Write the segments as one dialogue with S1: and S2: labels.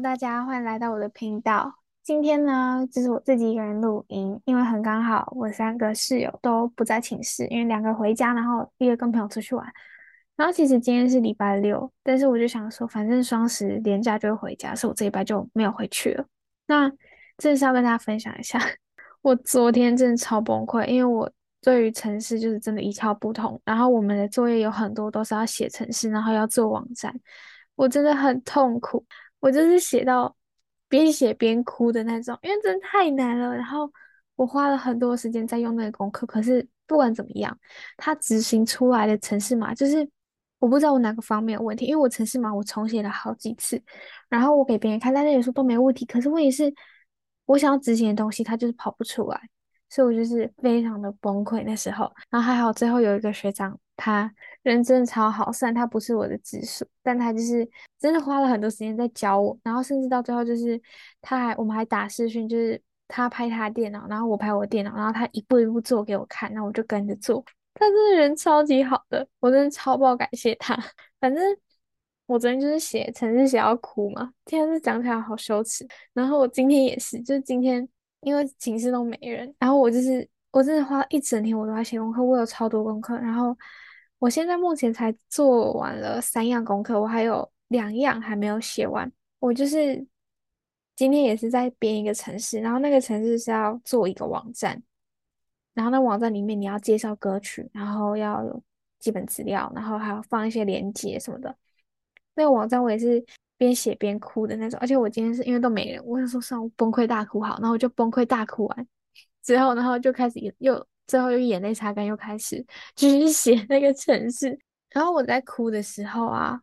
S1: 大家歡迎來到我的頻道。今天呢，就是我自己一個人錄音，因為很剛好，我三個室友都不在寢室，因為兩個回家，然後一個跟朋友出去玩。然後其實今天是禮拜六，但是我就想說，反正雙十連假就會回家，所以我這禮拜就沒有回去了。那正式要跟大家分享一下，我昨天真的超崩潰，因為我對於程式就是真的，一竅不通。然後我們的作業有很多都是要寫程式，然後要做網站，我真的很痛苦。我就是寫到邊寫邊哭的那種，因為真的太難了。然後我花了很多時間在用那個功課，可是不管怎麼樣，它執行出來的程式碼就是我不知道我哪個方面有問題，因為我程式碼我重寫了好幾次，然後我給別人看，大家也說都沒問題。可是問題是，我想要執行的東西它就是跑不出來，所以我就是非常的崩潰那時候。然後還好最後有一個學長。他人真的超好，雖然他不是我的直屬，但他就是真的花了很多時間在教我，然後甚至到最後就是他還我們還打視訊，就是他拍他的電腦，然後我拍我的電腦，然後他一步一步做給我看，那我就跟着做。他真的人超級好的，我真的超爆感謝他。反正我昨天就是寫程式寫要哭嘛，現在講起來好羞恥。然後我今天也是，就是今天因為寢室都沒人，然後我就是我真的花了一整天我都在寫功課，我有超多功課，然後。我現在目前才做完了三樣功課，我還有兩樣還沒有寫完。我就是今天也是在編一個程式，然後那個城市是要做一個網站，然後那網站裡面你要介紹歌曲，然後要有基本資料，然後還要放一些連接什麼的。那個網站我也是邊寫邊哭的那種，而且我今天是因為都沒人，我想說算我崩潰大哭好，然後我就崩潰大哭完之後，然後就開始又。最後用眼淚擦乾，又開始繼續寫那個程式。然後我在哭的時候啊，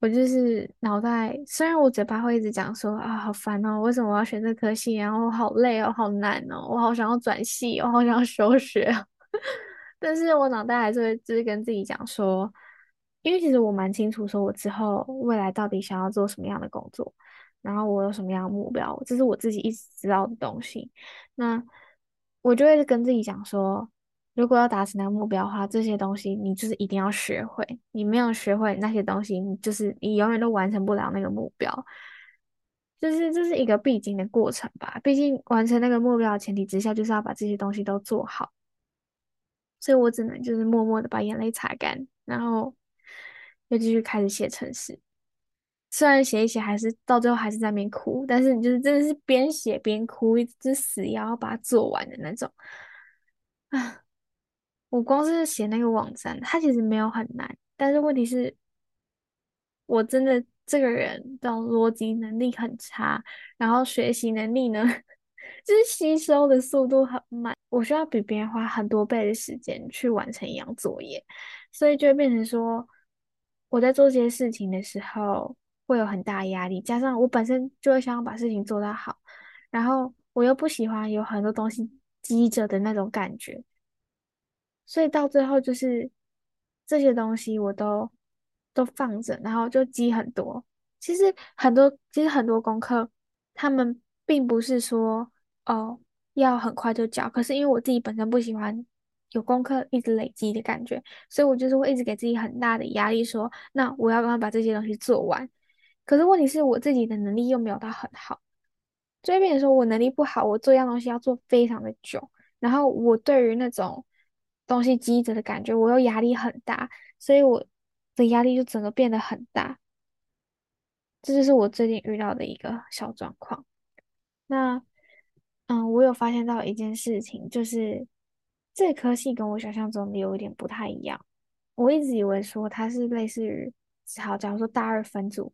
S1: 我就是腦袋雖然我嘴巴會一直講說啊好煩哦，為什麼我要選這科系啊？然後好累哦，好難哦，我好想要轉系哦，我好想要休學啊。但是我腦袋還是會就是跟自己講說，因為其實我蠻清楚說我之後未來到底想要做什麼樣的工作，然後我有什麼樣的目標，這是我自己一直知道的東西。那我就會跟自己講說，如果要達成那個目標的話，這些東西你就是一定要學會。你沒有學會那些東西，你就是你永遠都完成不了那個目標。就是這是一個必經的過程吧，畢竟完成那個目標的前提之下，就是要把這些東西都做好。所以我只能就是默默的把眼淚擦乾，然後又繼續開始寫程式。雖然寫一寫，還是到最後還是在那邊哭，但是你就是真的是邊寫邊哭，一直死要，要把它做完的那種。啊，我光是寫那個網站，它其實沒有很難，但是問題是，我真的這個人，邏輯能力很差，然後學習能力呢，就是吸收的速度很慢，我需要比別人花很多倍的時間去完成一樣作業，所以就會變成說，我在做這些事情的時候。會有很大壓力，加上我本身就是想要把事情做到好，然後我又不喜歡有很多東西積着的那種感覺，所以到最後就是這些東西我都都放着，然後就積很多。其實很多其實很多功課，他們並不是說哦要很快就交，可是因為我自己本身不喜歡有功課一直累積的感覺，所以我就是會一直給自己很大的壓力說，說那我要趕快把這些東西做完。可是問題是我自己的能力又沒有到很好，所以變成說我能力不好，我做一樣東西要做非常的久，然後我對於那種東西積着的感覺，我又壓力很大，所以我的壓力就整個變得很大。這就是我最近遇到的一個小狀況。那，嗯，我有發現到一件事情，就是這科系跟我想象中的有一點不太一樣。我一直以為說它是類似於，只好，假如說大二分組。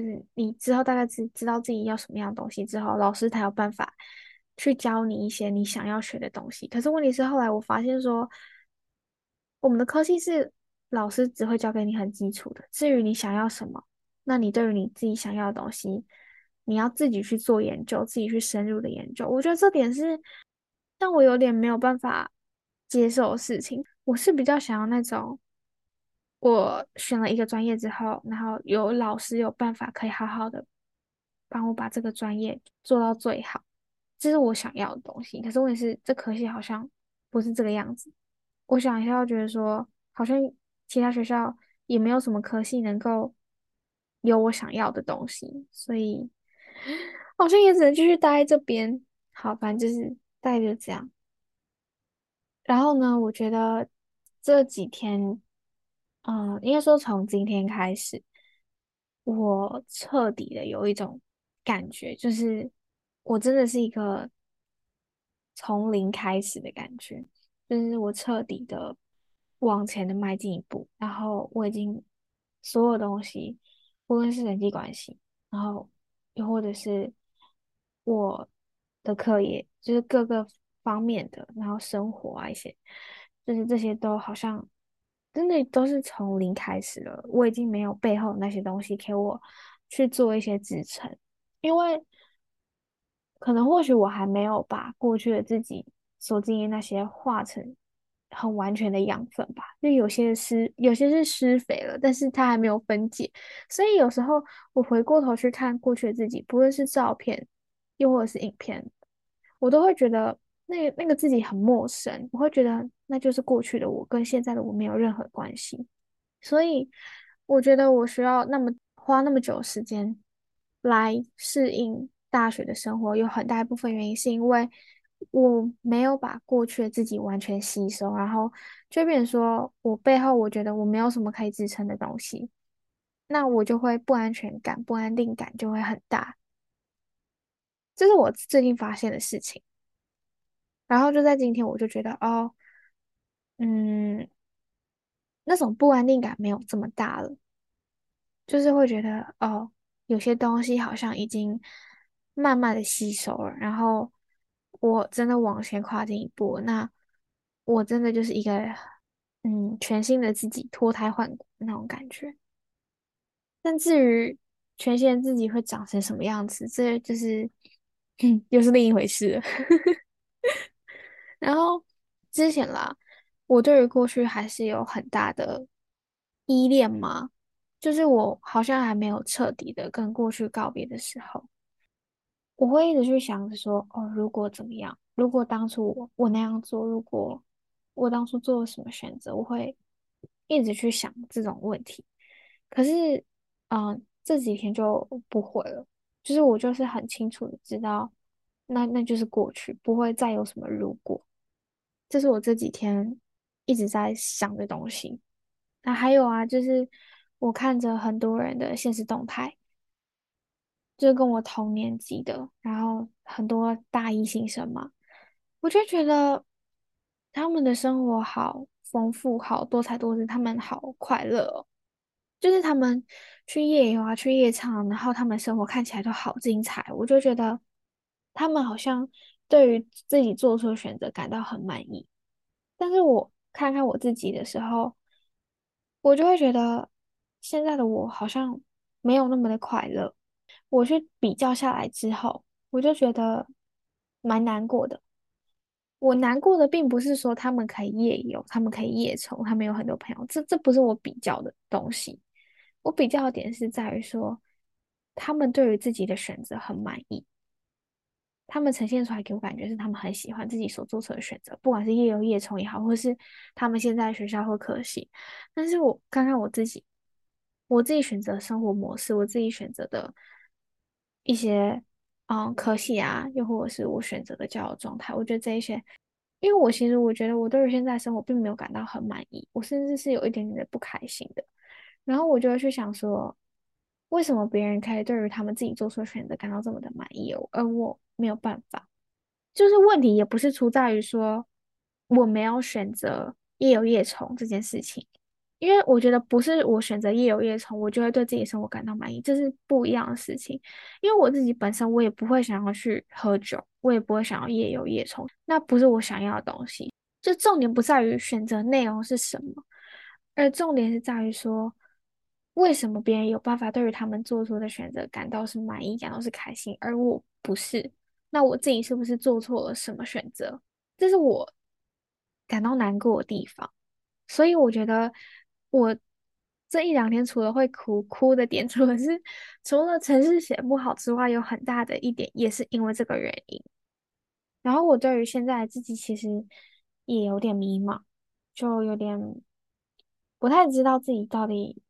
S1: 就是你之後大概知知道自己要什麼樣的東西之後，老師才有辦法去教你一些你想要學的東西。可是問題是，後來我發現說，我們的科系是老師只會教給你很基礎的，至於你想要什麼，那你對於你自己想要的東西，你要自己去做研究，自己去深入的研究。我覺得這點是讓我有點沒有辦法接受的事情。我是比較想要那種。我選了一個專業之後，然後有老師有辦法可以好好的幫我把這個專業做到最好，這是我想要的東西。可是我也是，這科系好像不是這個樣子。我想一下就覺得說好像其他學校也沒有什麼科系能夠有我想要的東西，所以好像也只能繼續待在這邊。好，反正就是待着這樣。然後呢，我覺得這幾天。嗯，應該說從今天開始，我徹底的有一種感覺，就是我真的是一個從零開始的感覺，就是我徹底的往前的邁進一步，然後我已經所有東西，不論是人際關係，然後又或者是我的課業，就是各個方面的，然後生活啊一些，就是這些都好像。真的都是從零開始了，我已經沒有背後的那些東西給我去做一些支撐，因為可能或許我還沒有把過去的自己所經營那些化成很完全的養分吧，因為有些施，有些是施肥了，但是它還沒有分解，所以有時候我回過頭去看過去的自己，不論是照片又或者是影片，我都會覺得。那個、那個自己很陌生，我會覺得那就是過去的我跟現在的我沒有任何關係，所以我覺得我需要那麼花那麼久時間來適應大學的生活，有很大一部分原因是因為我沒有把過去的自己完全吸收，然後就變成說我背後，我覺得我沒有什麼可以支撐的東西，那我就會不安全感、不安定感就會很大，這是我最近發現的事情。然後就在今天，我就覺得哦，嗯，那種不安定感沒有這麼大了，就是會覺得哦，有些東西好像已經慢慢的吸收了，然後我真的往前跨進一步，那我真的就是一個嗯全新的自己，脫胎換骨那種感覺。但至於全新的自己會長成什麼樣子，這就是，嗯，又是另一回事了。 然後之前啦，我對於過去還是有很大的依戀嘛，就是我好像還沒有徹底的跟過去告別的時候，我會一直去想着說，哦，如果怎麼樣，如果當初我我那樣做，如果我當初做了什麼選擇，我會一直去想這種問題。可是，嗯，這幾天就不會了，就是我就是很清楚的知道。那那就是過去，不會再有什麼如果。這是我這幾天一直在想的東西。那還有啊，就是我看着很多人的限時動態，就是跟我同年級的，然後很多大一新生嘛，我就覺得他們的生活好豐富、好多彩多姿，他們好快樂哦。就是他們去夜遊啊、去夜唱，然後他們生活看起來都好精彩，我就覺得。他們好像對於自己做出的選擇感到很滿意，但是我看看我自己的時候，我就會覺得現在的我好像沒有那麽的快樂。我去比較下來之後，我就覺得蠻難過的。我難過的並不是說他們可以夜遊，他們可以夜寵，他們有很多朋友，這這不是我比較的東西。我比較的點是在於說，他們對於自己的選擇很滿意。他們呈現出來給我感覺是他們很喜歡自己所做出的選擇，不管是夜遊夜衝也好，或是他們現在學校或科系。但是我看看我自己，我自己選擇生活模式，我自己選擇的一些，嗯，科系啊，又或者是我選擇的教育狀態，我覺得這一些，因為我其實我覺得我對於現在生活並沒有感到很滿意，我甚至是有一點點的不開心的。然後我就會去想說，為什麼別人可以對於他們自己做出的選擇感到這麼的滿意、哦，而我？沒有辦法，就是問題也不是出在於說我沒有選擇夜遊夜衝這件事情，因為我覺得不是我選擇夜遊夜衝，我就會對自己的生活感到滿意，這是不一樣的事情。因為我自己本身我也不會想要去喝酒，我也不會想要夜遊夜衝，那不是我想要的東西。就重點不在於選擇內容是什麼，而重點是在於說，為什麼別人有辦法對於他們做出的選擇感到是滿意，感到是開心，而我不是。那我自己是不是做錯了什麼選擇？這是我感到難過的地方。所以我覺得我這一兩天除了會哭，哭的點，除了是除了程式寫不好之外，有很大的一點也是因為這個原因。然後我對於現在自己其實也有點迷茫，就有點不太知道自己到底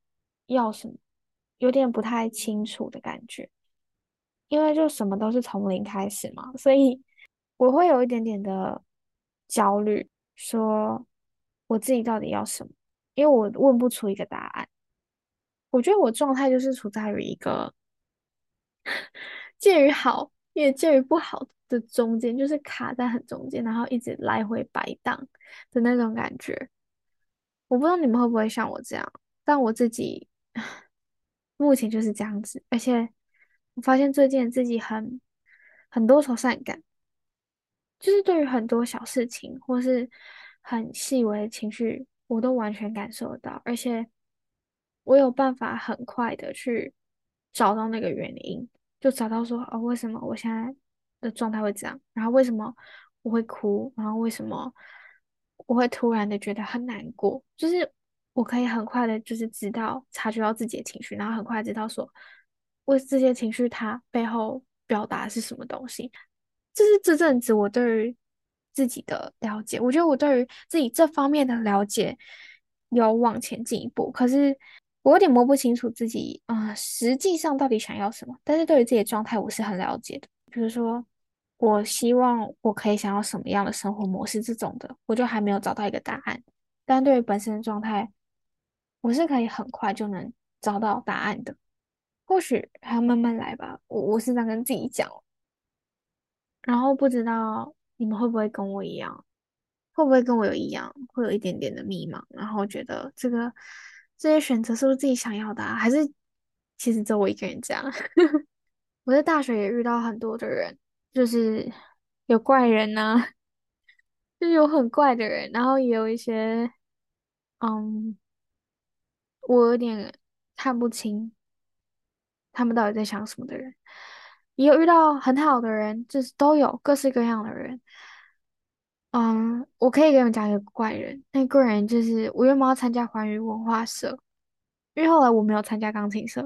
S1: 要什麼，有點不太清楚的感覺。因為就什麼都是從零開始嘛，所以我會有一點點的焦慮，說我自己到底要什麼？因為我問不出一個答案。我覺得我狀態就是處在於一個介於好，也介於不好的中間，就是卡在很中間，然後一直來回擺盪的那種感覺。我不知道你們會不會像我這樣，但我自己目前就是這樣子，而且。我發現最近自己很很多愁善感，就是對於很多小事情或是很細微的情緒，我都完全感受到，而且我有辦法很快的去找到那個原因，就找到說哦，為什麼我現在的狀態會這樣？然後為什麼我會哭？然後為什麼我會突然的覺得很難過？就是我可以很快的，就是知道察覺到自己的情緒，然後很快知道說。為這些情緒，它背後表達是什麼東西？這是這陣子我對於自己的了解。我覺得我對於自己這方面的了解有往前進一步，可是我有點摸不清楚自己，啊、呃，實際上到底想要什麼。但是對於自己的狀態，我是很了解的。比如說，我希望我可以想要什麼樣的生活模式這種的，我就還沒有找到一個答案。但對於本身的狀態，我是可以很快就能找到答案的。或許還要慢慢來吧，我我是在跟自己講。然後不知道你們會不會跟我一樣，會不會跟我有一樣，會有一點點的迷茫，然後覺得這個這些選擇是不是自己想要的啊，還是其實只有我一個人這樣？ 我在大學也遇到很多的人，就是有怪人吶，就是有很怪的人，然後也有一些，嗯，我有點看不清。他們到底在想什麼的人，也有遇到很好的人，就是都有各式各樣的人。嗯，我可以給你們講一個怪人。那個人就是我原本要參加環宇文化社，因為後來我沒有參加鋼琴社。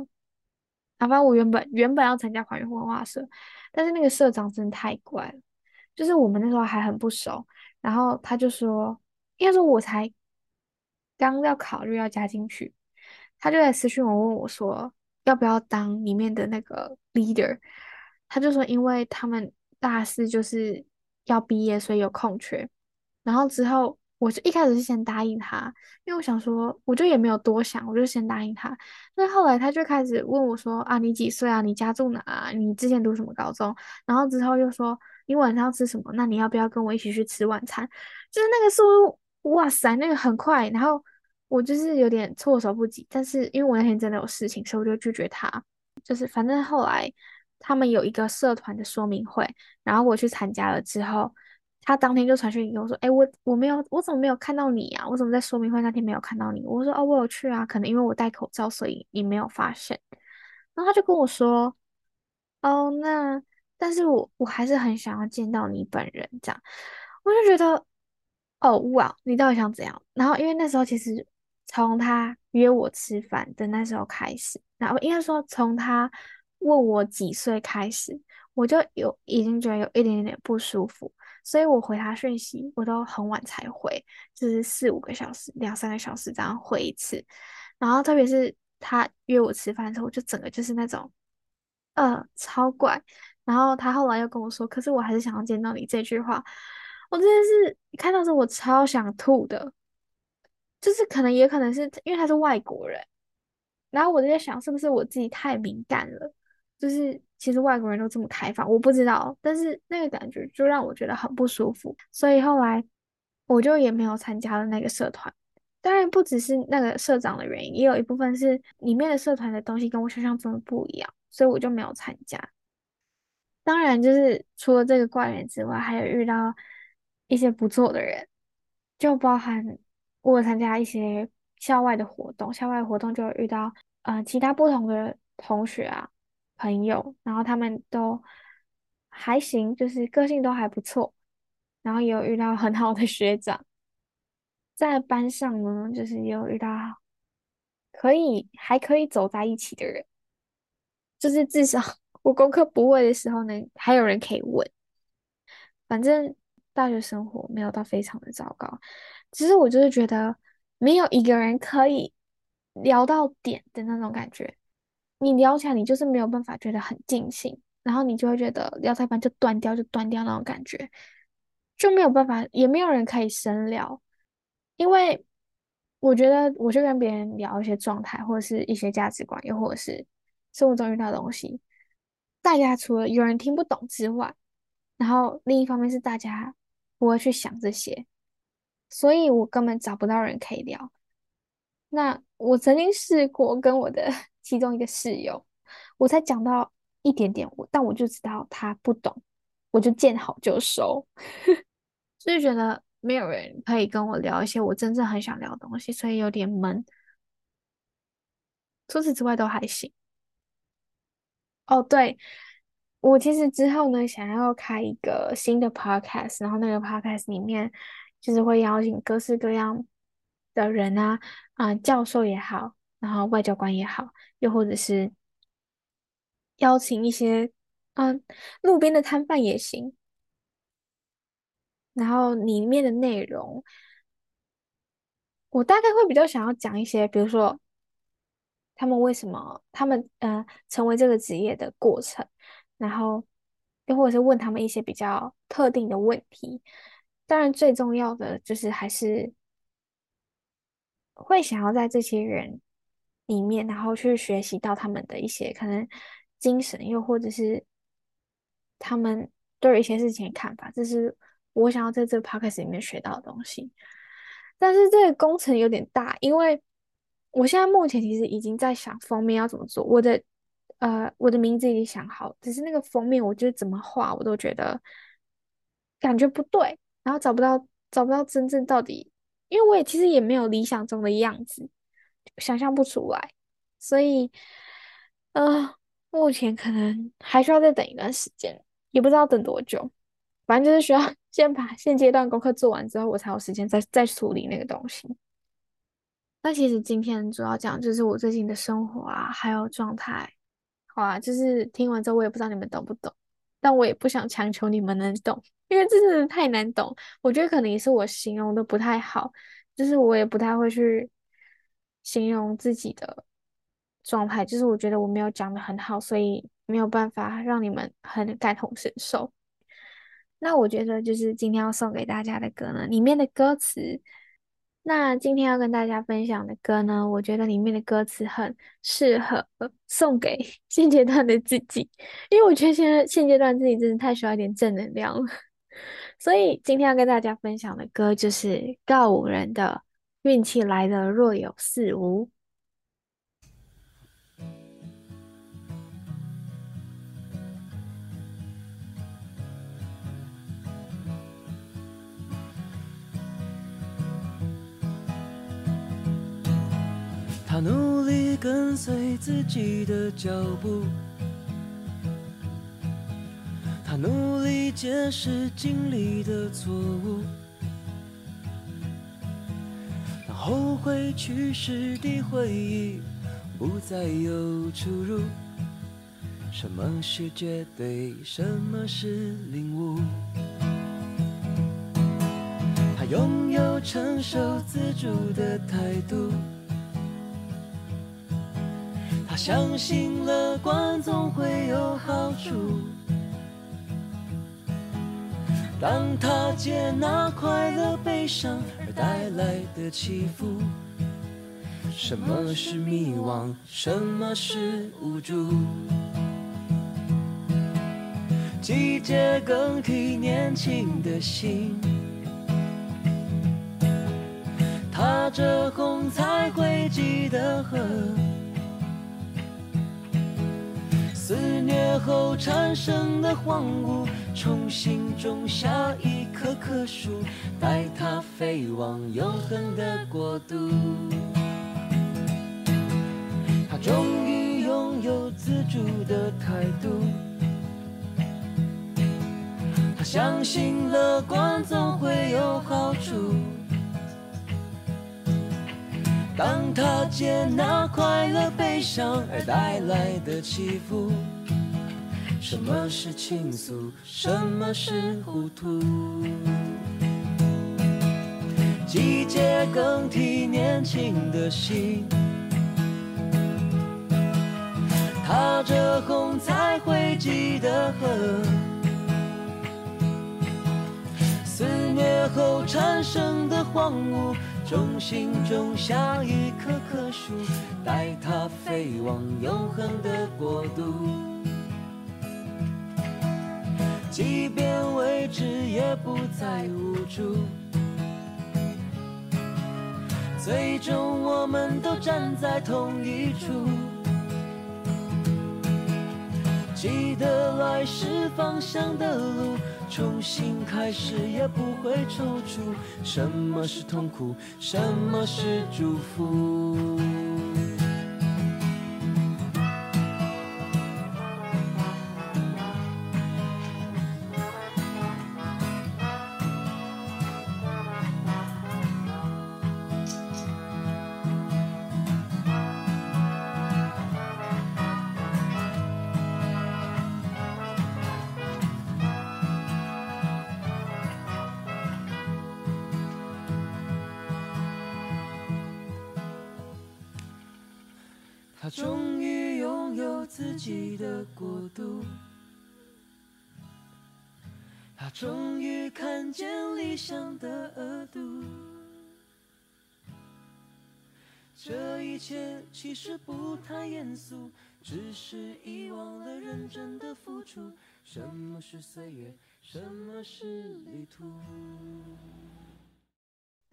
S1: 啊，反正我原本原本要參加環宇文化社，但是那個社長真的太怪了，就是我們那時候還很不熟，然後他就說，因為說我才剛要考慮要加進去，他就在私訊我問我說。要不要當裡面的那個 leader？他就說，因為他們大四就是要畢業，所以有空缺。然後之後，我就一開始是先答應他，因為我想說，我就也沒有多想，我就先答應他。那後來他就開始問我說：“啊，你幾歲啊？你家住哪？啊？你之前讀什麼高中？”然後之後又說：“你晚上要吃什麼？那你要不要跟我一起去吃晚餐？”就是那個速度，哇塞，那個很快。然後。我就是有點措手不及，但是因為我那天真的有事情，所以我就拒絕他。就是反正後來他們有一個社團的說明會，然後我去參加了之後，他當天就傳訊給我，說：“哎、欸，我我沒有，我怎麼沒有看到你啊？我怎麼在說明會那天沒有看到你？”我說：“哦，我有去啊，可能因為我戴口罩，所以你沒有發現。”然後他就跟我說：“哦，那但是我我還是很想要見到你本人，這樣。”我就覺得：“哦，哇，你到底想怎樣？”然後因為那時候其實。從他約我吃飯的那時候開始，然後應該說從他問我幾歲開始，我就有已經覺得有一點點不舒服，所以我回他訊息我都很晚才回，就是四五個小時、兩三個小時這樣回一次。然後特別是他約我吃飯的時候，我就整個就是那種，呃，超怪。然後他後來又跟我說，可是我還是想要見到你這句話，我真的是看到時候我超想吐的。就是可能也可能是因為他是外國人，然後我就在想是不是我自己太敏感了，就是其實外國人都這麼開放，我不知道，但是那個感覺就讓我覺得很不舒服，所以後來我就也沒有參加了那個社團。當然不只是那個社長的原因，也有一部分是裡面的社團的東西跟我想象中的不一樣，所以我就沒有參加。當然，就是除了這個怪人之外，還有遇到一些不錯的人，就包含。我參加一些校外的活動，校外活動就遇到嗯、呃,其他不同的同學啊朋友，然後他們都還行，就是個性都還不錯，然後也有遇到很好的學長。在班上呢，就是也有遇到可以還可以走在一起的人，就是至少我功課不會的時候呢，還有人可以問，反正大學生活沒有到非常的糟糕。其實我就是覺得沒有一個人可以聊到點的那種感覺，你聊起來你就是沒有辦法覺得很盡興，然後你就會覺得聊太煩就斷掉，就斷掉那種感覺，就沒有辦法也沒有人可以深聊，因為我覺得我就跟別人聊一些狀態或者是一些價值觀，又或者是生活中遇到的東西，大家除了有人聽不懂之外，然後另一方面是大家不會去想這些。所以我根本找不到人可以聊。那我曾經試過跟我的其中一個室友，我才講到一點點我，我但我就知道他不懂，我就見好就收， 所以覺得沒有人可以跟我聊一些我真正很想聊的東西，所以有點悶。除此之外都還行。哦、oh，對，我其實之後呢想要開一個新的 podcast，然後那個 podcast 裡面。就是會邀請各式各樣的人啊，啊、呃，教授也好，然後外交官也好，又或者是邀請一些，嗯、呃，路邊的攤販也行。然後裡面的內容，我大概會比較想要講一些，比如說他們為什麼他們嗯、呃，成為這個職業的過程，然後又或者是問他們一些比較特定的問題。當然，最重要的就是還是會想要在這些人裡面，然後去學習到他們的一些可能精神，又或者是他們對一些事情的看法，這是我想要在這個 podcast 裡面學到的東西。但是這個工程有點大，因為我現在目前其實已經在想封面要怎麼做，我的呃，我的名字已經想好，只是那個封面我就怎麼畫我都覺得感覺不對。然後找不到，找不到真正到底，因為我也其實也沒有理想中的樣子，想象不出來，所以，嗯、呃，目前可能還需要再等一段時間，也不知道等多久，反正就是需要先把現階段功課做完之後，我才有時間再再處理那個東西。那其實今天主要講就是我最近的生活啊，還有狀態，好啊，就是聽完之後我也不知道你們懂不懂。但我也不想強求你們能懂，因為這真的太難懂。我覺得可能也是我形容的不太好，就是我也不太會去形容自己的狀態。就是我覺得我沒有講的很好，所以沒有辦法讓你們很感同身受。那我覺得就是今天要送給大家的歌呢，裡面的歌詞。那今天要跟大家分享的歌呢，我覺得裡面的歌詞很適合送給現階段的自己，因為我覺得現在現階段自己真的太需要一點正能量了。所以今天要跟大家分享的歌就是告五人的《運氣來的若有似無》。
S2: 他努力跟隨自己的腳步，他努力解釋經歷的錯誤。當後悔去世的回憶不再有出入，什麼是絕對？什麼是領悟？他擁有承受自主的態度。相信樂觀總會有好處，當他接納快樂、悲傷而帶來的起伏。什麼是迷惘？什麼是無助？季節更替，年輕的心，踏着虹彩匯集的河。肆虐後產生的荒蕪，重新種下一棵棵樹，帶它飛往永恆的國度。他終於擁有自主的態度，他相信樂觀總會有好處。當他接納快樂、悲傷而帶來的起伏。什麼是傾訴？什麼是糊塗？季節更替，年輕的心，踏着紅才會記得河，思念後產生的荒蕪。重新種下一棵棵樹，帶它飛往永恆的國度。即便未知，也不再無助。最終，我們都站在同一處，記得來時方向的路。重新開始，也不會躊躇。什麼是痛苦？什麼是祝福？
S1: 那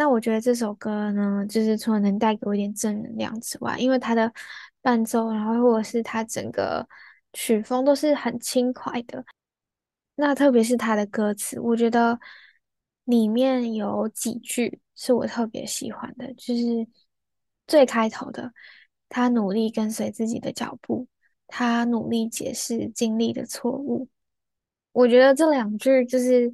S1: 我覺得這首歌呢，就是除了能帶給我一點正能量之外，因為它的伴奏，然後或者是它整個。曲風都是很輕快的，那特別是他的歌詞，我覺得裡面有幾句是我特別喜歡的，就是最開頭的“他努力跟隨自己的腳步，他努力解釋經歷的錯誤”，我覺得這兩句就是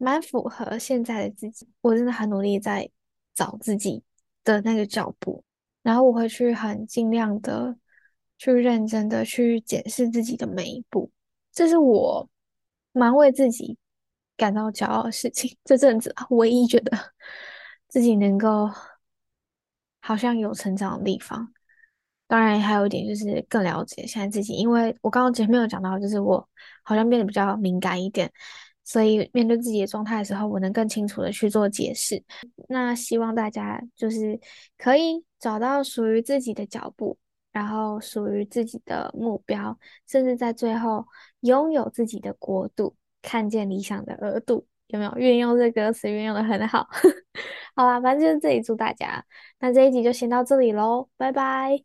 S1: 蠻符合現在的自己。我真的很努力在找自己的那個腳步，然後我會去很盡量的。去認真的去檢視自己的每一步，這是我蠻為自己感到驕傲的事情。這陣子唯一覺得自己能夠好像有成長的地方，當然還有一點就是更了解現在自己。因為我剛剛前面有講到，就是我好像變得比較敏感一點，所以面對自己的狀態的時候，我能更清楚的去做解釋。那希望大家就是可以找到屬於自己的腳步。然後屬於自己的目標，甚至在最後擁有自己的國度，看見理想的額度，有沒有運用這歌詞運用的很好？ 好啦，反正就是這裡，祝大家。那這一集就先到這裡嘍，拜拜。